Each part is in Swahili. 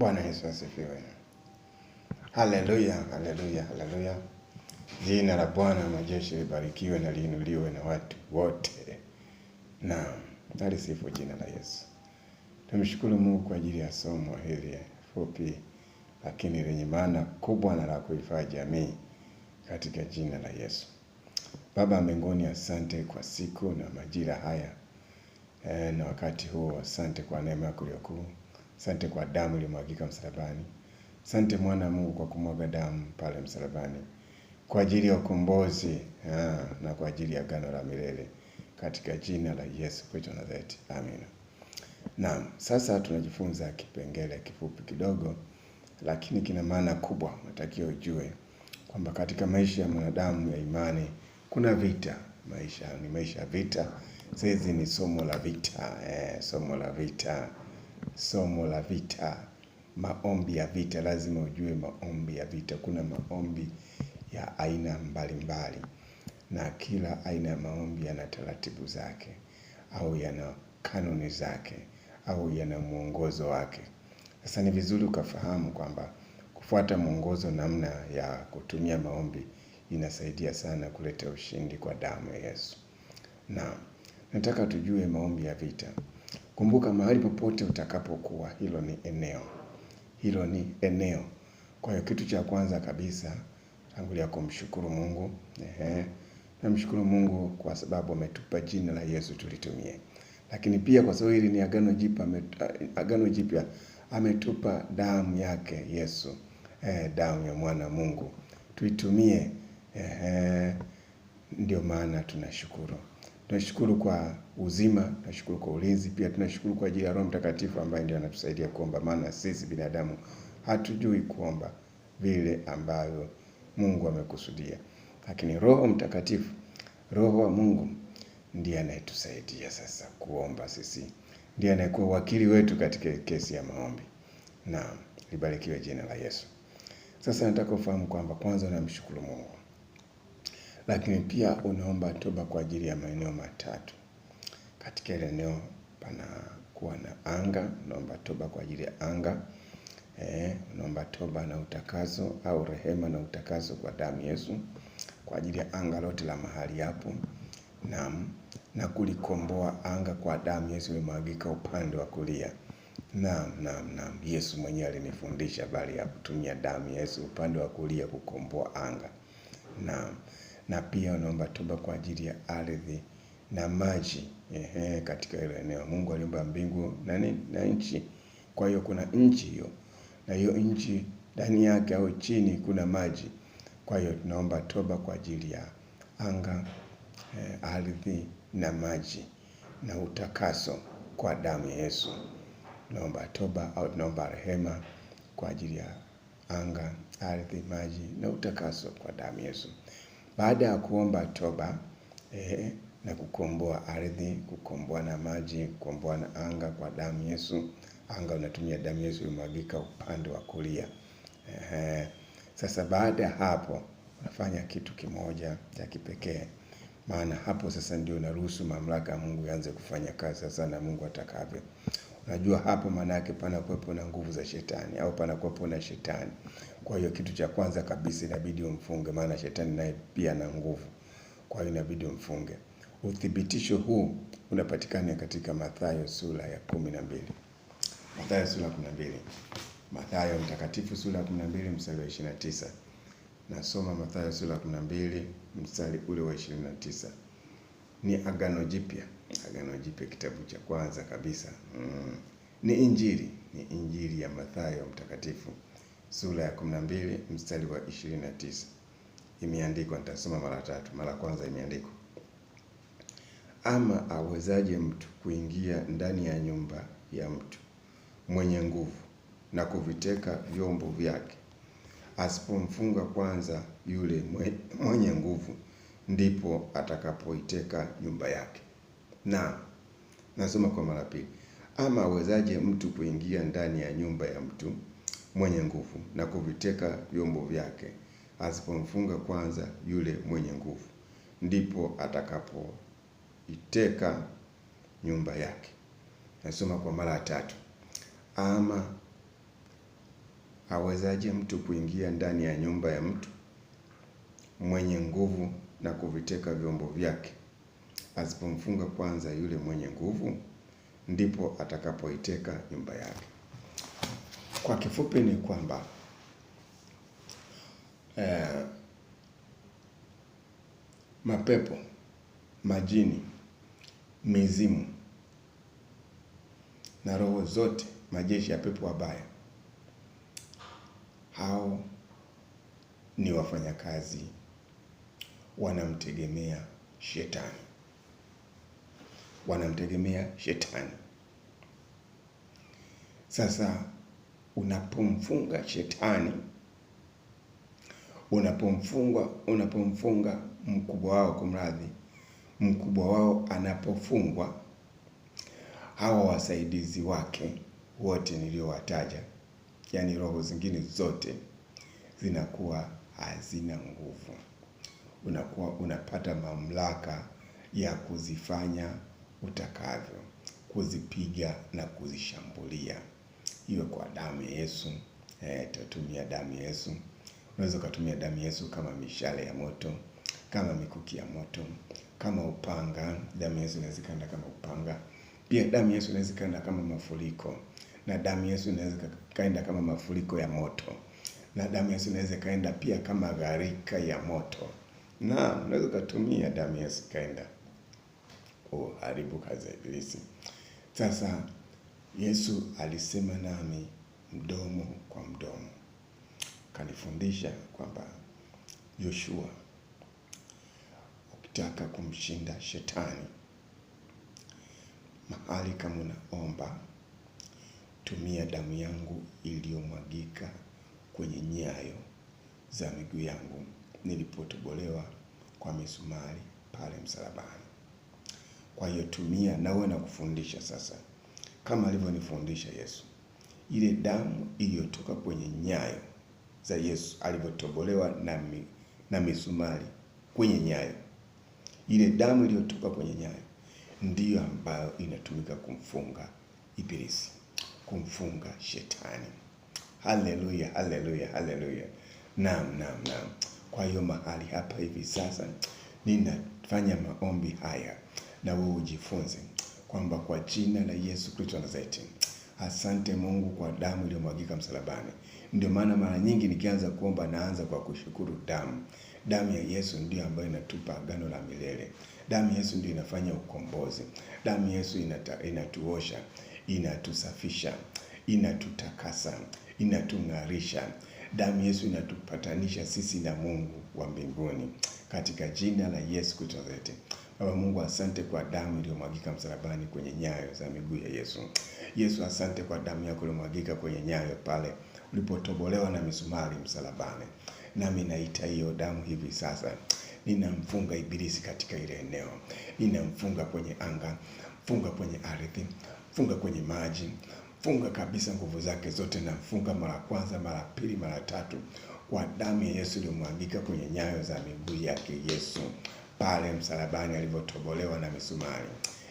Bwana Yesu asifiwe. Haleluya, haleluya, haleluya. Jina la Bwana majeshi libarikiwe na liinuliwe na watu wote. Naam, alisifu jina la Yesu. Tumshukuru Mungu kwa ajili ya somo hili fupi lakini lenye maana kubwa na la kuifaa jamii katika jina la Yesu. Baba mbinguni, asante kwa siku na majira haya e, na wakati huu. Asante kwa neema yako kuu Sante kwa damu iliyomwagika msalabani. sante mwana wa Mungu kwa kumwaga damu pale msalabani kwa ajili ya ukombozi ah, na kwa ajili ya gano la milele katika jina la Yesu Kristo Nazareti, amina. Naam, sasa tunajifunza kipengele kifupi kidogo, lakini kina maana kubwa. Natakiwa ujue kwamba katika maisha ya mwanadamu ya imani kuna vita. Maisha ni maisha ya vita. Saizi ni somo la vita, eh, somo la vita somo la vita, maombi ya vita. Lazima ujue maombi ya vita. Kuna maombi ya aina mbalimbali mbali, na kila aina ya maombi yana taratibu zake au yana kanuni zake au yana mwongozo wake. Sasa ni vizuri ukafahamu kwamba kufuata mwongozo, namna ya kutumia maombi inasaidia sana kuleta ushindi kwa damu ya Yesu. Na nataka tujue maombi ya vita. Kumbuka mahali popote utakapokuwa, hilo ni eneo, hilo ni eneo. Kwa hiyo kitu cha kwanza kabisa tangulia kumshukuru Mungu. Ehe, namshukuru Mungu kwa sababu ametupa jina la Yesu tulitumie, lakini pia kwa sababu hili ni agano jipya, agano jipya ametupa damu yake Yesu, eh, damu ya mwana Mungu tuitumie. Ehe, ndio maana tunashukuru. Tunashukuru kwa uzima, tunashukuru kwa ulinzi, pia tunashukuru kwa ajili ya Roho Mtakatifu ambaye ndiye anatusaidia kuomba, maana sisi binadamu hatujui kuomba vile ambavyo Mungu amekusudia, lakini Roho Mtakatifu, Roho wa Mungu ndiye anayetusaidia sasa kuomba. Sisi ndiye anayekuwa wakili wetu katika kesi ya maombi. Naam, libarikiwe jina la Yesu. Sasa nataka ufahamu kwamba kwanza, namshukuru Mungu lakini pia unaomba toba kwa ajili ya maeneo matatu. Katika ile eneo panakuwa na anga, unaomba toba kwa ajili ya anga eh, unaomba toba na utakaso au rehema na utakaso kwa damu Yesu kwa ajili ya anga lote la mahali hapo na, na kulikomboa anga kwa damu Yesu limwagika upande wa kulia. Naam, naam, naam. Yesu mwenyewe alinifundisha bali ya kutumia damu Yesu upande wa kulia kukomboa anga. Naam na pia unaomba toba kwa ajili ya ardhi na maji ehe, katika hilo eneo. Mungu aliumba mbingu na, na nchi. Kwa hiyo kuna nchi hiyo, na hiyo nchi ndani yake au chini kuna maji. Kwa hiyo tunaomba toba kwa ajili ya anga eh, ardhi na maji na utakaso kwa damu ya Yesu. Tunaomba toba au tunaomba rehema kwa ajili ya anga, ardhi, maji na utakaso kwa damu ya Yesu. Baada ya kuomba toba eh, na kukomboa ardhi, kukomboa na maji, kukomboa na anga kwa damu Yesu. Anga unatumia damu Yesu imwagika upande wa kulia. Eh, sasa baada ya hapo unafanya kitu kimoja cha kipekee, maana hapo sasa ndio unaruhusu mamlaka ya Mungu ianze kufanya kazi sasa, na Mungu atakavyo najua hapo maana yake panakuwepo na nguvu za shetani au panakuwepo na shetani. Kwa hiyo kitu cha kwanza kabisa inabidi umfunge, maana shetani naye pia na nguvu, kwa hiyo inabidi umfunge. Uthibitisho huu unapatikana katika Mathayo sura ya kumi na mbili Mathayo sura ya kumi na mbili Mathayo mtakatifu sura ya kumi na mbili mstari wa ishirini na tisa Nasoma Mathayo sura ya kumi na mbili mstari ule wa ishirini na tisa Ni agano jipya. Agano Jipya kitabu cha kwanza kabisa mm. Ni injili ni injili ya Mathayo mtakatifu sura ya 12 mstari wa 29, imeandikwa. Nitasoma mara tatu. Mara kwanza imeandikwa, ama awezaje mtu kuingia ndani ya nyumba ya mtu mwenye nguvu na kuviteka vyombo vyake, asipomfunga kwanza yule mwenye nguvu, ndipo atakapoiteka nyumba yake na nasoma kwa mara pili. Ama awezaje mtu kuingia ndani ya nyumba ya mtu mwenye nguvu na kuviteka vyombo vyake, asipomfunga kwanza yule mwenye nguvu, ndipo atakapoiteka nyumba yake. Nasoma kwa mara ya tatu. Ama awezaje mtu kuingia ndani ya nyumba ya mtu mwenye nguvu na kuviteka vyombo vyake asipomfunga kwanza yule mwenye nguvu, ndipo atakapoiteka nyumba yake. Kwa kifupi ni kwamba eh, mapepo, majini, mizimu na roho zote, majeshi ya pepo wabaya, hao ni wafanyakazi wanamtegemea Shetani wanamtegemea shetani. Sasa unapomfunga shetani, unapomfunga unapomfunga mkubwa wao, kumradhi, mkubwa wao anapofungwa, hawa wasaidizi wake wote niliowataja, yaani roho zingine zote zinakuwa hazina nguvu, unakuwa unapata mamlaka ya kuzifanya utakavyo kuzipiga na kuzishambulia, iwe kwa damu ya Yesu. E, eh, tatumia damu ya Yesu. Unaweza ukatumia damu ya Yesu kama mishale ya moto, kama mikuki ya moto, kama upanga. Damu ya Yesu inaweza kaenda kama upanga pia. Damu ya Yesu inaweza kaenda kama mafuriko, na damu ya Yesu inaweza kaenda kama mafuriko ya moto, na damu ya Yesu inaweza kaenda pia kama gharika ya moto. Naam, unaweza ukatumia damu ya Yesu kaenda huharibu kazi ya Ibilisi. Sasa Yesu alisema nami mdomo kwa mdomo, kanifundisha kwamba Yoshua, ukitaka kumshinda shetani mahali kama unaomba, tumia damu yangu iliyomwagika kwenye nyayo za miguu yangu nilipotobolewa kwa misumari pale msalabani. Kwa hiyo tumia na wewe na kufundisha sasa, kama alivyonifundisha Yesu, ile damu iliyotoka kwenye nyayo za Yesu alivyotobolewa na, mi, na misumari kwenye nyayo, ile damu iliyotoka kwenye nyayo ndiyo ambayo inatumika kumfunga Ibilisi, kumfunga Shetani. Haleluya, haleluya, haleluya! Naam, naam, naam. Kwa hiyo mahali hapa hivi sasa ninafanya maombi haya na wewe ujifunze kwamba kwa jina la Yesu Kristo wa Nazareti, asante Mungu kwa damu iliyomwagika msalabani. Ndio maana mara nyingi nikianza kuomba naanza kwa kushukuru damu. Damu ya Yesu ndiyo ambayo inatupa agano la milele. Damu ya Yesu ndiyo inafanya ukombozi. Damu ya Yesu inata, inatuosha, inatusafisha, inatutakasa, inatung'arisha. Damu ya Yesu inatupatanisha sisi na Mungu wa mbinguni, katika jina la Yesu Kristo wa Nazareti. Baba Mungu, asante kwa damu iliyomwagika msalabani kwenye nyayo za miguu ya Yesu. Yesu, asante kwa damu yako iliyomwagika kwenye nyayo pale ulipotobolewa na misumari msalabani. Nami naita hiyo damu hivi sasa, ninamfunga Ibilisi katika ile eneo, ninamfunga kwenye anga, funga kwenye ardhi, funga kwenye maji, funga kabisa nguvu zake zote, na mfunga mara kwanza, mara pili, mara tatu, kwa damu ya Yesu iliyomwagika kwenye nyayo za miguu yake Yesu pale msalabani alivyotobolewa na misumari.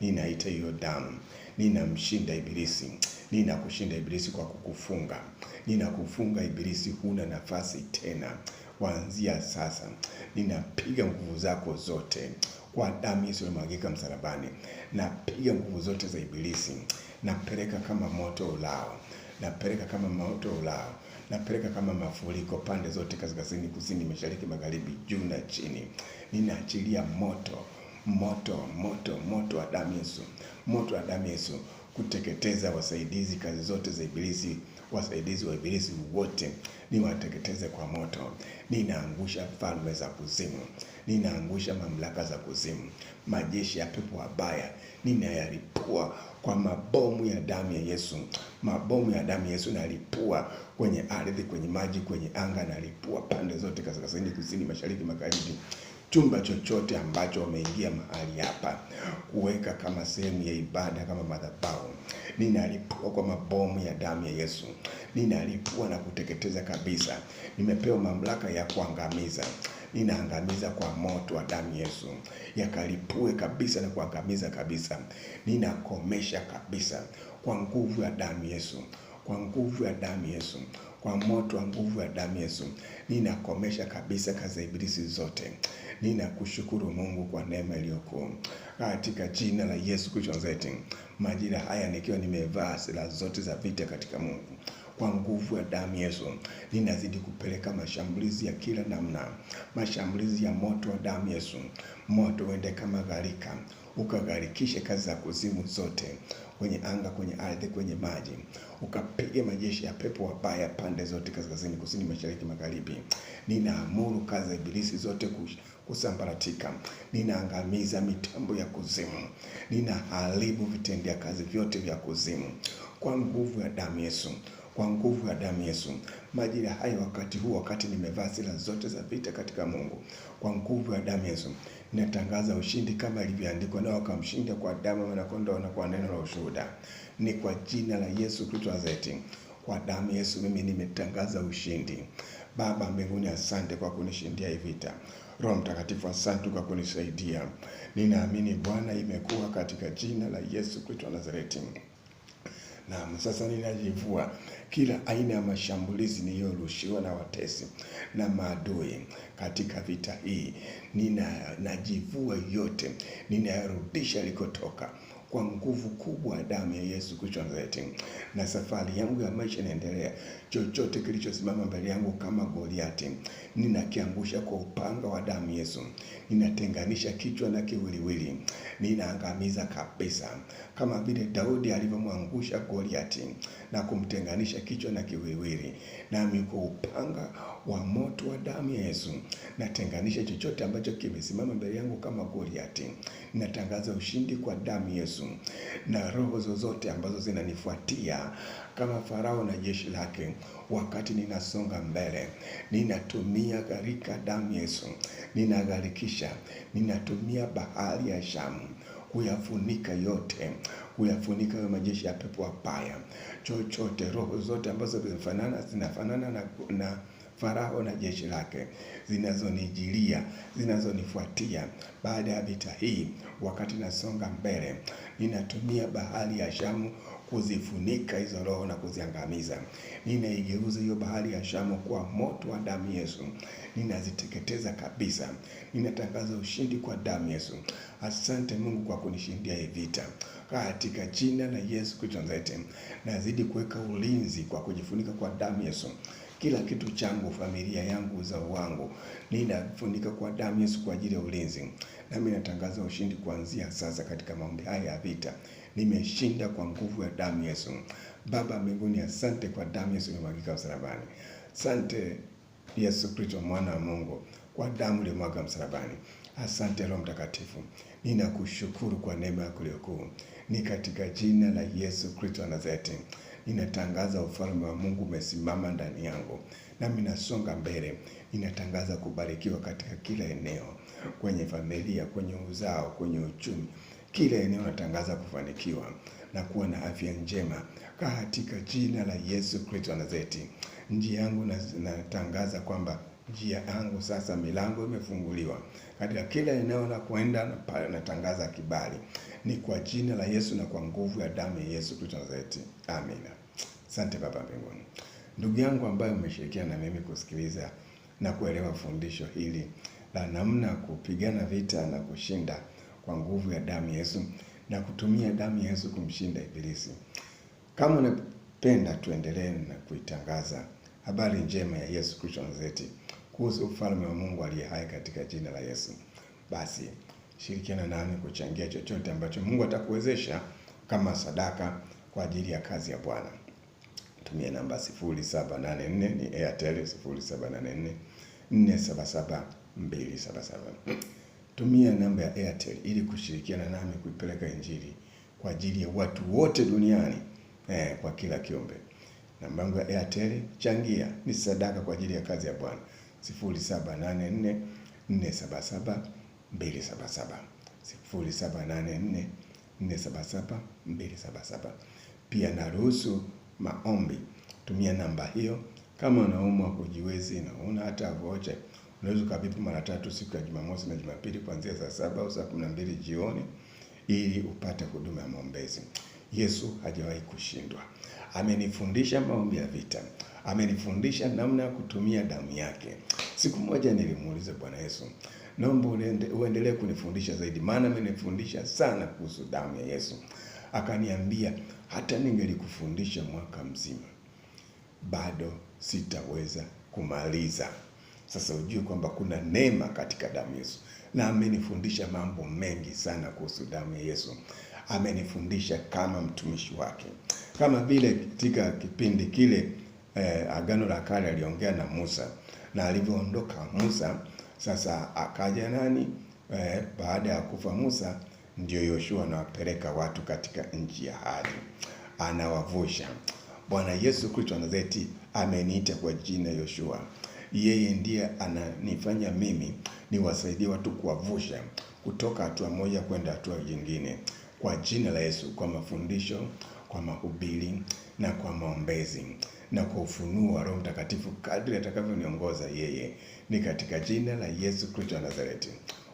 Ninaita hiyo damu, ninamshinda Ibilisi, ninakushinda Ibilisi kwa kukufunga, ninakufunga Ibilisi, huna nafasi tena kuanzia sasa. Ninapiga nguvu zako zote kwa damu Yesu iliyomwagika msalabani, napiga nguvu zote za Ibilisi, napeleka kama moto ulao, napeleka kama moto ulao napeleka kama mafuriko pande zote, kaskazini, kusini, mashariki, magharibi, juu na chini. Ninaachilia moto, moto, moto, moto wa damu Yesu, moto wa damu Yesu kuteketeza wasaidizi, kazi zote za Ibilisi wasaidizi wa Ibilisi wote, niwateketeze kwa moto. Ninaangusha falme za kuzimu, ninaangusha mamlaka za kuzimu, majeshi ya pepo wabaya ninayalipua kwa mabomu ya damu ya Yesu. Mabomu ya damu ya Yesu nalipua kwenye ardhi, kwenye maji, kwenye anga, nalipua pande zote, kaskazini, kusini, mashariki, magharibi chumba chochote ambacho wameingia mahali hapa kuweka kama sehemu ya ibada, kama madhabahu, ninalipua kwa mabomu ya damu ya Yesu, ninalipua na kuteketeza kabisa. Nimepewa mamlaka ya kuangamiza ninaangamiza kwa moto wa damu Yesu, yakalipue kabisa na kuangamiza kabisa. Ninakomesha kabisa kwa nguvu ya damu Yesu, kwa nguvu ya damu Yesu kwa moto wa nguvu ya damu Yesu. Ninakomesha kabisa kazi za ibilisi zote. Ninakushukuru Mungu kwa neema iliyoko katika jina la Yesu Kristo Nazareti. Majira haya nikiwa nimevaa silaha zote za vita katika Mungu kwa nguvu ya damu Yesu, ninazidi kupeleka mashambulizi ya kila namna, mashambulizi ya moto wa damu Yesu. Moto uende kama gharika, ukagharikishe kazi za kuzimu zote kwenye anga, kwenye ardhi, kwenye maji, ukapige majeshi ya pepo wabaya pande zote, kaskazini, kusini, mashariki, magharibi. Ninaamuru kazi za ibilisi zote kusambaratika. Ninaangamiza mitambo ya kuzimu, ninaharibu vitendea kazi vyote vya kuzimu kwa nguvu ya damu Yesu kwa nguvu ya damu Yesu, majira haya, wakati huu, wakati nimevaa silaha zote za vita katika Mungu, kwa nguvu ya damu Yesu natangaza ushindi kama ilivyoandikwa, nao wakamshinda kwa damu na kondoo na kwa neno la ushuhuda. Ni kwa jina la Yesu Kristo Nazareti, kwa damu Yesu mimi nimetangaza ushindi. Baba mbinguni, asante kwa kunishindia hii vita. Roho Mtakatifu, asante kwa kunisaidia. Ninaamini Bwana, imekuwa katika jina la Yesu Kristo Nazareti. Naam, sasa ninajivua kila aina ya mashambulizi niliyorushiwa na watesi na maadui katika vita hii. Nina najivua yote, ninayarudisha likotoka kwa nguvu kubwa ya damu ya Yesu Kristo Nazareti, na safari yangu ya maisha inaendelea. Chochote kilichosimama mbele yangu kama Goliati, ninakiangusha kwa upanga wa damu Yesu ninatenganisha kichwa na kiwiliwili, ninaangamiza kabisa, kama vile Daudi alivyomwangusha Goliati na kumtenganisha kichwa na kiwiliwili. Nami kwa upanga wa moto wa damu ya Yesu natenganisha chochote ambacho kimesimama mbele yangu kama Goliati. Natangaza ushindi kwa damu Yesu, na roho zozote ambazo zinanifuatia kama Farao na jeshi lake. Wakati ninasonga mbele, ninatumia gharika damu Yesu, ninagharikisha, ninatumia bahari ya Shamu kuyafunika yote, kuyafunika hayo majeshi ya pepo wabaya, chochote, roho zote ambazo zinafanana zinafanana na, na Farao na jeshi lake zinazonijilia zinazonifuatia baada ya vita hii. Wakati nasonga mbele, ninatumia bahari ya Shamu kuzifunika hizo roho na kuziangamiza. Ninaigeuza hiyo bahari ya Shamu kwa moto wa damu Yesu, ninaziteketeza kabisa. Ninatangaza ushindi kwa damu Yesu. Asante Mungu kwa kunishindia hii vita katika jina la Yesu Kristo Nazidi kuweka ulinzi kwa kujifunika kwa damu Yesu kila kitu changu, familia yangu, uzao wangu, ninafunika kwa damu Yesu kwa ajili ya ulinzi. Nami natangaza ushindi kuanzia sasa katika maombi haya ya vita. Nimeshinda kwa nguvu ya damu Yesu. Baba mbinguni, asante kwa damu Yesu imemwagika msalabani. Asante Yesu Kristo, mwana wa Mungu, kwa damu iliyomwaga msalabani. Asante Roho Mtakatifu, ninakushukuru kwa neema yako kuu, ni katika jina la Yesu Kristo wa Nazareti ninatangaza ufalme wa Mungu umesimama ndani yangu, nami nasonga mbele. Ninatangaza kubarikiwa katika kila eneo, kwenye familia, kwenye uzao, kwenye uchumi, kila eneo natangaza kufanikiwa na kuwa na afya njema katika jina la Yesu Kristo wa Nazareti. Njia yangu natangaza kwamba njia yangu sasa, milango imefunguliwa katika kila eneo la kwenda, natangaza kibali ni kwa jina la Yesu na kwa nguvu ya damu ya Yesu Kristo Nazareti, amina. Asante Baba mbinguni, ndugu yangu ambaye umeshirikiana na mimi kusikiliza na kuelewa fundisho hili la namna kupigana vita na kushinda kwa nguvu ya damu ya Yesu na kutumia damu ya Yesu kumshinda Ibilisi. Kama unapenda, tuendelee na kuitangaza habari njema ya Yesu Kristo Mzeti kuhusu ufalme wa Mungu aliye hai katika jina la Yesu. Basi shirikiana nami kuchangia chochote ambacho Mungu atakuwezesha kama sadaka kwa ajili ya kazi ya Bwana. Tumia namba 0784 ni Airtel 0784 477 277. Tumia namba ya Airtel ili kushirikiana nami kuipeleka injili kwa ajili ya watu wote duniani eh, kwa kila kiumbe namba yangu ya Airtel. Changia, ni sadaka kwa ajili ya kazi ya Bwana, 0784 477 277 0784 477 277. Pia naruhusu maombi, tumia namba hiyo kama unaumwa kujiwezi na una hata voucher unaweza ukavipa mara tatu siku ya Jumamosi na Jumapili kuanzia saa saba au saa kumi na mbili jioni ili upate huduma ya maombezi. Yesu hajawahi kushindwa. Amenifundisha maombi ya vita, amenifundisha namna ya kutumia damu yake. Siku moja nilimuuliza Bwana Yesu, naomba uendelee kunifundisha zaidi, maana amenifundisha sana kuhusu damu ya Yesu. Akaniambia, hata ningelikufundisha mwaka mzima bado sitaweza kumaliza. Sasa ujue kwamba kuna neema katika damu Yesu, na amenifundisha mambo mengi sana kuhusu damu ya Yesu. Amenifundisha kama mtumishi wake kama vile katika kipindi kile eh, Agano la Kale aliongea na Musa na alivyoondoka Musa sasa akaja nani eh, baada ya kufa Musa ndio Yoshua anawapeleka watu katika nchi ya ahadi, anawavusha. Bwana Yesu Kristo Nazareti ameniita kwa jina Yoshua, yeye ndiye ananifanya mimi niwasaidie watu kuwavusha kutoka hatua moja kwenda hatua nyingine, kwa jina la Yesu, kwa mafundisho, kwa mahubiri na kwa maombezi na kwa ufunuo wa Roho Mtakatifu kadri atakavyoniongoza yeye. Ni katika jina la Yesu Kristo wa Nazareti.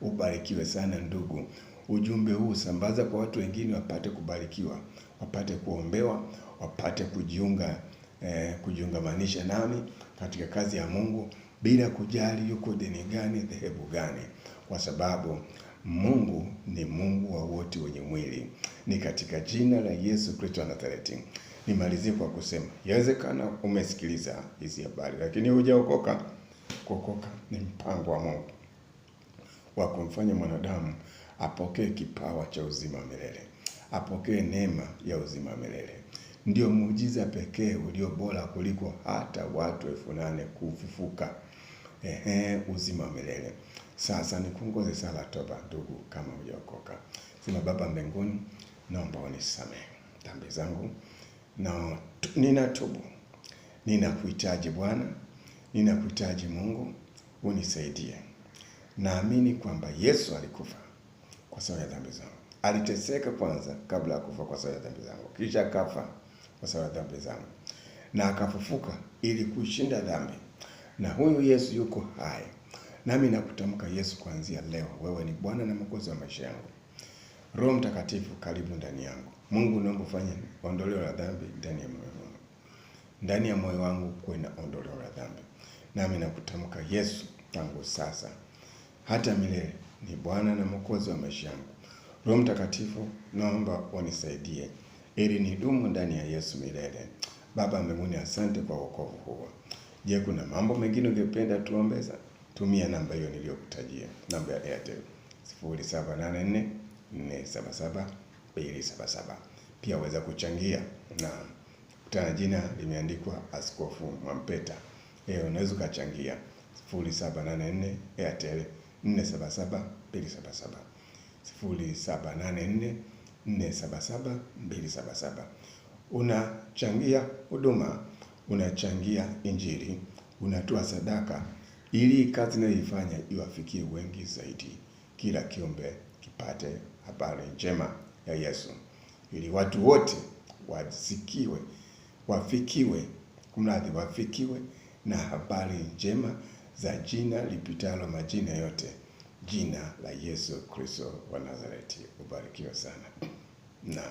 Ubarikiwe sana ndugu. Ujumbe huu sambaza kwa watu wengine, wapate kubarikiwa, wapate kuombewa, wapate kujiunga eh, kujiungamanisha nami katika kazi ya Mungu bila kujali yuko dini gani, dhehebu gani, kwa sababu Mungu ni Mungu wa wote wenye mwili ni katika jina la Yesu Kristo wa Nazareti. Nimalizie kwa kusema yawezekana umesikiliza hizi habari, lakini hujaokoka. Kuokoka ni mpango wa Mungu wa kumfanya mwanadamu apokee kipawa cha uzima milele, apokee neema ya uzima milele. Ndio muujiza pekee ulio bora kuliko hata watu elfu nane kufufuka. Ehe, uzima milele. Sasa nikuongoze sala toba, ndugu, kama hujaokoka. Sema: Baba mbinguni naomba unisamehe dhambi zangu na ninatubu. Ninakuhitaji Bwana, ninakuhitaji Mungu, unisaidie. Naamini kwamba Yesu alikufa kwa sababu ya dhambi zangu, aliteseka kwanza kabla ya kufa kwa sababu ya dhambi zangu, kisha akafa kwa sababu ya dhambi zangu na akafufuka ili kushinda dhambi, na huyu Yesu yuko hai. Nami nakutamka Yesu, kuanzia leo wewe ni Bwana na Mwokozi wa maisha yangu. Roho Mtakatifu, karibu ndani yangu. Mungu, naomba ufanye ondoleo la dhambi ndani ya moyo wangu, ndani ya moyo wangu kuwe na ondoleo la dhambi, nami nakutamka Yesu tangu sasa hata milele ni Bwana na Mwokozi wa maisha yangu. Roho Mtakatifu, naomba unisaidie ili nidumu ndani ya Yesu milele. Baba mbinguni, asante kwa wokovu huo. Je, kuna mambo mengine ungependa tuombeza? Tumia namba hiyo niliyokutajia, namba ya Airtel 0784 477 Pia waweza kuchangia na kutana, jina limeandikwa Askofu Mwampeta. Eh, unaweza ukachangia 0784 Airtel 477 277 0784 477 Unachangia huduma, unachangia Injili, unatoa sadaka ili kazi inayoifanya iwafikie wengi zaidi, kila kiumbe kipate habari njema ya Yesu ili watu wote wasikiwe, wafikiwe, kumradhi, wafikiwe na habari njema za jina lipitalo majina yote, jina la Yesu Kristo wa Nazareti. Ubarikiwe sana na